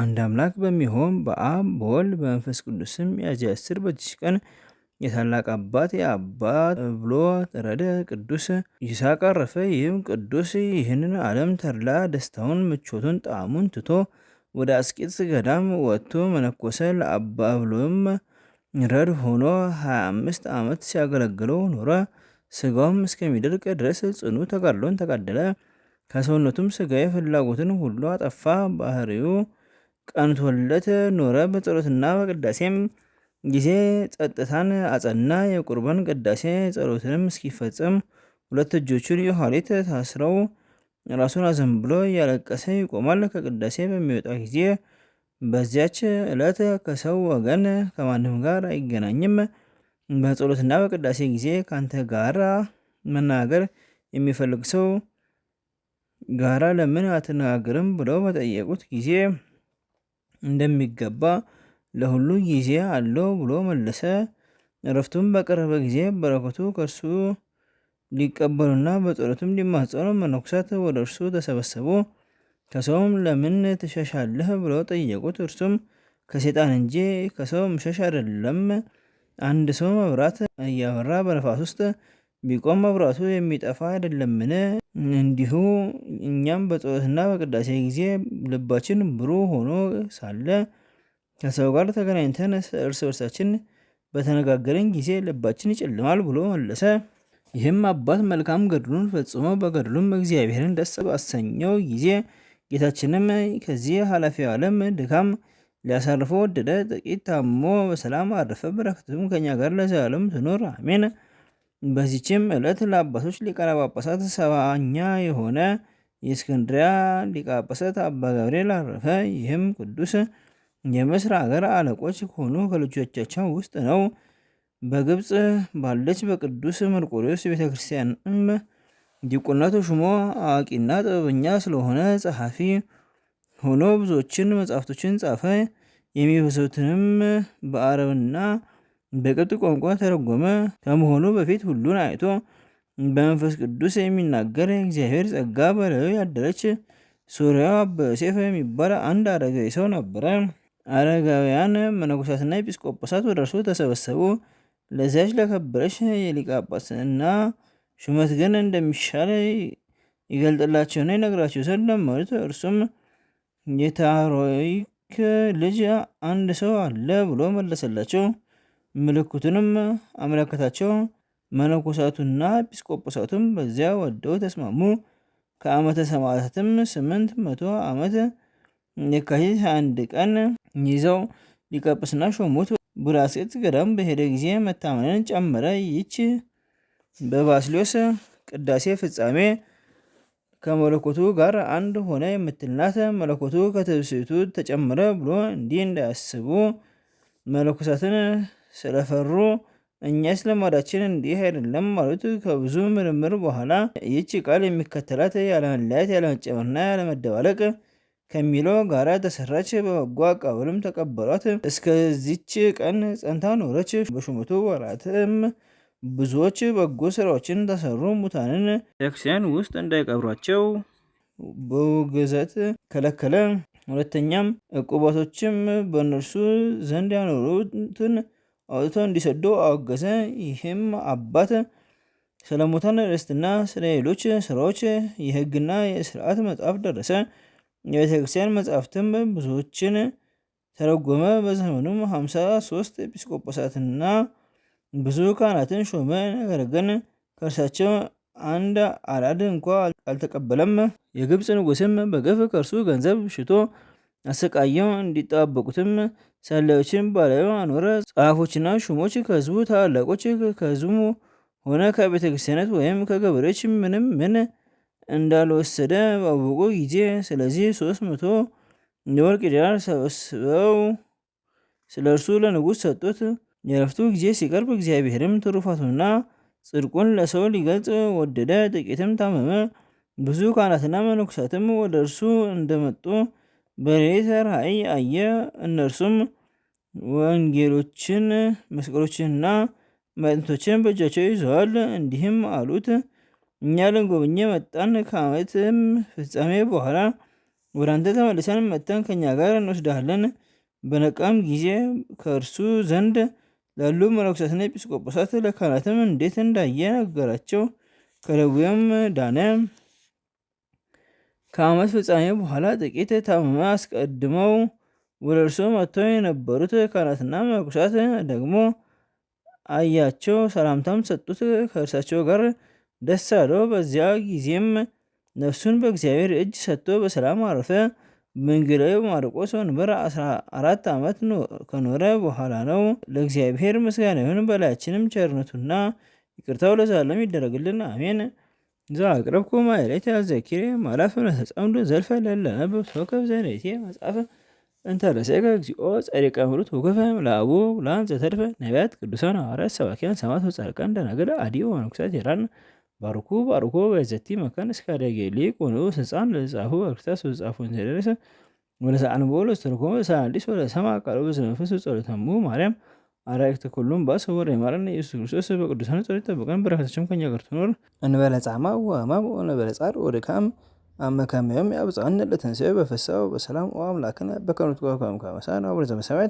አንድ አምላክ በሚሆን በአብ በወልድ በመንፈስ ቅዱስም ሚያዝያ አስር በዚች ቀን የታላቅ አባት የአባት ብሎ ረደ ቅዱስ ይስሐቅ አረፈ። ይህም ቅዱስ ይህንን ዓለም ተድላ ደስታውን፣ ምቾቱን፣ ጣዕሙን ትቶ ወደ አስቄጥስ ገዳም ወጥቶ መነኮሰ። ለአባ ብሎም ረድ ሆኖ 25 ዓመት ሲያገለግለው ኖረ። ስጋውም እስከሚደርቅ ድረስ ጽኑ ተጋድሎን ተጋደለ። ከሰውነቱም ስጋዊ ፍላጎትን ሁሉ አጠፋ። ባህሪው ቀንቶለት ኖረ። በጸሎትና በቅዳሴም ጊዜ ጸጥታን አጸና። የቁርባን ቅዳሴ ጸሎትንም እስኪፈጽም ሁለት እጆቹን የኋሊት ታስረው ራሱን አዘንብሎ እያለቀሰ ይቆማል። ከቅዳሴ በሚወጣ ጊዜ በዚያች ዕለት ከሰው ወገን ከማንም ጋር አይገናኝም። በጸሎትና በቅዳሴ ጊዜ ከአንተ ጋር መናገር የሚፈልግ ሰው ጋራ ለምን አትናገርም ብለው በጠየቁት ጊዜ እንደሚገባ ለሁሉ ጊዜ አለው ብሎ መለሰ። እረፍቱም በቀረበ ጊዜ በረከቱ ከእርሱ ሊቀበሉና በጸሎትም ሊማጸኑ መነኮሳት ወደ እርሱ ተሰበሰቡ። ከሰውም ለምን ትሸሻለህ ብለው ጠየቁት። እርሱም ከሴጣን እንጂ ከሰው ምሸሽ አይደለም። አንድ ሰው መብራት እያበራ በነፋስ ውስጥ ቢቆም መብራቱ የሚጠፋ አይደለምን? እንዲሁ እኛም በጸሎትና በቅዳሴ ጊዜ ልባችን ብሩህ ሆኖ ሳለ ከሰው ጋር ተገናኝተን እርስ በርሳችን በተነጋገርን ጊዜ ልባችን ይጨልማል ብሎ መለሰ። ይህም አባት መልካም ገድሉን ፈጽሞ በገድሉም እግዚአብሔርን ደስ ባሰኘው ጊዜ ጌታችንም ከዚህ ኃላፊ ዓለም ድካም ሊያሳርፈው ወደደ። ጥቂት ታሞ በሰላም አረፈ። በረከቱም ከኛ ጋር ለዘላለም ትኖር አሜን። በዚችም ዕለት ለአባቶች ሊቃነ ጳጳሳት ሰባኛ የሆነ የእስክንድሪያ ሊቀ ጳጳሳት አባ ገብርኤል አረፈ። ይህም ቅዱስ የምስር ሀገር አለቆች ከሆኑ ከልጆቻቸው ውስጥ ነው። በግብፅ ባለች በቅዱስ መርቆሪዎስ ቤተ ክርስቲያንም ዲቁና አዋቂና ጥበበኛ ስለሆነ ጸሐፊ ሆኖ ብዙዎችን መጻሕፍቶችን ጻፈ። የሚበዙትንም በአረብና በቅጥ ቋንቋ ተረጎመ። ከመሆኑ በፊት ሁሉን አይቶ በመንፈስ ቅዱስ የሚናገር የእግዚአብሔር ጸጋ በላዩ ያደረች ሱሪያው አበበ ሰይፈ የሚባል አንድ አረጋዊ ሰው ነበረ። አረጋውያን መነኮሳትና ኤጲስቆጶሳት ወደ እርሱ ተሰበሰቡ። ለዚያች ለከበረች የሊቀ ጳጳስና ሹመት ግን እንደሚሻል ይገልጥላቸውና ይነግራቸው ዘንድ ለመኑት። እርሱም የታሮይክ ልጅ አንድ ሰው አለ ብሎ መለሰላቸው። ምልክቱንም አመለከታቸው። መነኮሳቱና ኤጲስቆጶሳቱም በዚያ ወደው ተስማሙ። ከዓመተ ሰማዕታትም ስምንት መቶ ዓመት የካቲት አንድ ቀን ይዘው ሊቀጵስና ሾሙት። ቡራስቅጥስ ገዳም በሄደ ጊዜ መታመንን ጨመረ። ይች በባስልዮስ ቅዳሴ ፍጻሜ ከመለኮቱ ጋር አንድ ሆነ የምትልናት መለኮቱ ከትብስቱ ተጨመረ ብሎ እንዲህ እንዳያስቡ መለኮሳትን ስለፈሩ እኛ ስለማዳችን እንዲህ አይደለም ማለቱ ከብዙ ምርምር በኋላ ይህች ቃል የሚከተላት ያለመለያየት፣ ያለመጨመርና ያለመደባለቅ ከሚለው ጋር ተሰራች። በበጎ አቀባበልም ተቀበሏት። እስከዚች ቀን ጸንታ ኖረች። በሹመቱ ወራትም ብዙዎች በጎ ስራዎችን ተሰሩ። ሙታንን ቤተክርስቲያን ውስጥ እንዳይቀብሯቸው በውግዘት ከለከለ። ሁለተኛም እቁባቶችም በእነርሱ ዘንድ ያኖሩትን አውጥቶ እንዲሰዶ አወገዘ። ይህም አባት ስለ ሙታን ርስትና ስለ ሌሎች ስራዎች የህግና የስርዓት መጽሐፍ ደረሰ። የቤተክርስቲያን መጽሐፍትም ብዙዎችን ተረጎመ። በዘመኑም 53 ሶስት ብዙ ካህናትን ሾመ። ነገር ግን ከእርሳቸው አንድ አራድ እንኳ አልተቀበለም። የግብፅ ንጉስም በግፍ ከእርሱ ገንዘብ ሽቶ አሰቃየው። እንዲጠባበቁትም ሰላዮችን በላዩ አኖረ። ጸሐፎችና ሹሞች ከዝቡ ታላላቆች ከሕዝቡም ሆነ ከቤተ ክርስቲያናት ወይም ከገበሬዎች ምንም ምን እንዳልወሰደ ባወቁ ጊዜ፣ ስለዚህ ሶስት መቶ የወርቅ ዲናር ሰብስበው ስለ እርሱ ለንጉሥ ሰጡት። የረፍቱ ጊዜ ሲቀርብ እግዚአብሔርም ትሩፋቱንና ጽድቁን ለሰው ሊገልጽ ወደደ። ጥቂትም ታመመ። ብዙ ካህናትና መነኮሳትም ወደ እርሱ እንደመጡ በሌሊት ራእይ አየ። እነርሱም ወንጌሎችን መስቀሎችንና መጥንቶችን በእጃቸው ይዘዋል። እንዲህም አሉት፣ እኛ ልንጎበኘ መጣን። ከዓመትም ፍጻሜ በኋላ ወደ አንተ ተመልሰን መጥተን ከኛ ጋር እንወስድሃለን። በነቃም ጊዜ ከእርሱ ዘንድ ላሉ መነኮሳትና ኤጲስቆጶሳት ለካህናትም እንዴት እንዳየ ነገራቸው። ከደዌውም ዳነ። ከዓመት ፍጻሜ በኋላ ጥቂት የታመመ አስቀድመው ወደ እርሱ መጥተው የነበሩት ካህናትና መነኮሳት ደግሞ አያቸው፣ ሰላምታም ሰጡት። ከእርሳቸው ጋር ደስ አለው። በዚያ ጊዜም ነፍሱን በእግዚአብሔር እጅ ሰጥቶ በሰላም አረፈ። ወንጌላዊ ማርቆስ ወንበር 14 ዓመት ከኖረ በኋላ ነው። ለእግዚአብሔር ምስጋና ይሁን፣ በላያችንም ቸርነቱና ይቅርታው ለዘላለም ይደረግልን፣ አሜን። ዘአቅረብኩ ማኅሌተ አዘኪሬ ማላፍነ ተጸምዶ ዘልፈ ለለ አንብብ ተወከፍ ዘንእቴ መጽሐፈ እንተ ረሴከ እግዚኦ ጸሪቀ ምሩት ወከፈም ለአቡብ ለአን ዘተርፈ ነቢያት ቅዱሳን ሐዋርያት ሰባኪያን ሰማዕት ወጻድቃን ደናግል አዲዮ መነኮሳት የራን ባርኩ ባርኮ በዘቲ መካን እስከ አደገ ሊቅ ወንዑስ ሕፃን ለጻፉ አርክታስ ወጻፉ እንተደረሰ ወለሰ አንቦ ለስተርኮመ ሰአንዲስ ወለሰማ ቃሉ በዘመንፈስ ጸሎተሙ ማርያም አራዊት ኩሉም በአሰብ ወደሚማረን ኢየሱስ ክርስቶስ በቅዱሳን ጸሎት ይጠብቀን፣ በረከታቸውም ከኛ ጋር ትኖር። እንበለ ጻማ ወሕማም ወእንበለ ጻር ወድካም አመካሚያም ከመ ዮም በፈሳው በሰላም በፍሥሓ ወበሰላም ወአምላክነ በከመ ትኩሃን ከመ ካመ ሳን አቡነ ዘበሰማያት